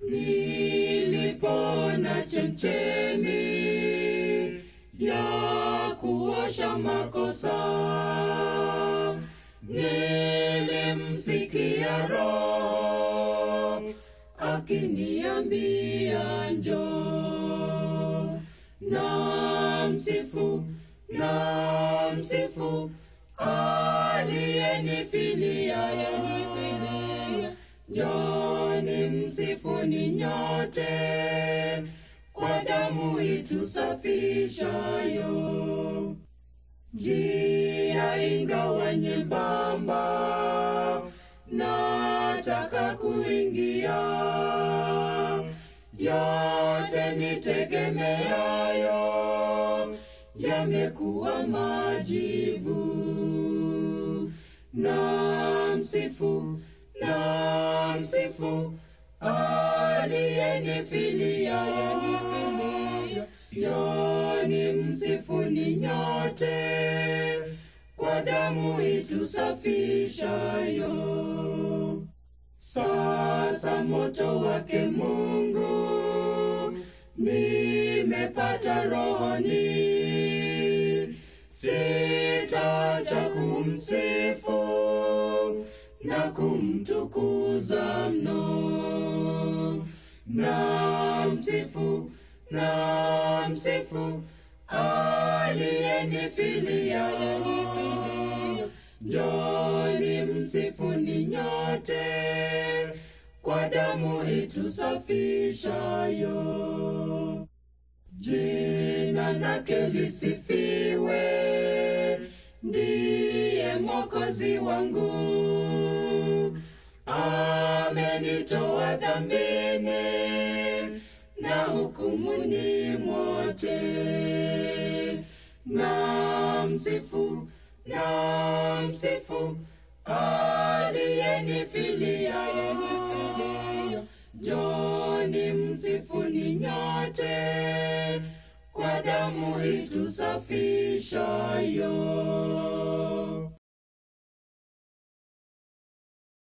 nilipona chemchemi ya kuosha makosa nilimsikia roho akiniambia njo na msifu na msifu aliyenifilia yani msifuni nyote kwa damu itusafishayo. Njia ingawa nyembamba, nataka kuingia. Yote nitegemeayo yamekuwa majivu. Na msifu, na msifu aliyenifilia joni msifuni nyote kwa damu itusafishayo sasa moto wake mungu nimepata rohoni sitacha kumsifu na kumtukuza mno. Na msifu, na msifu aliyenifilia. Njoni msifu ni nyote kwa damu itusafishayo. Jina lake lisifiwe, ndiye mwokozi wangu amenitoa dhambini na hukumuni mote, na msifu na msifu aliyenifilia Joni, msifu ni nyote kwa damu itusafishayo.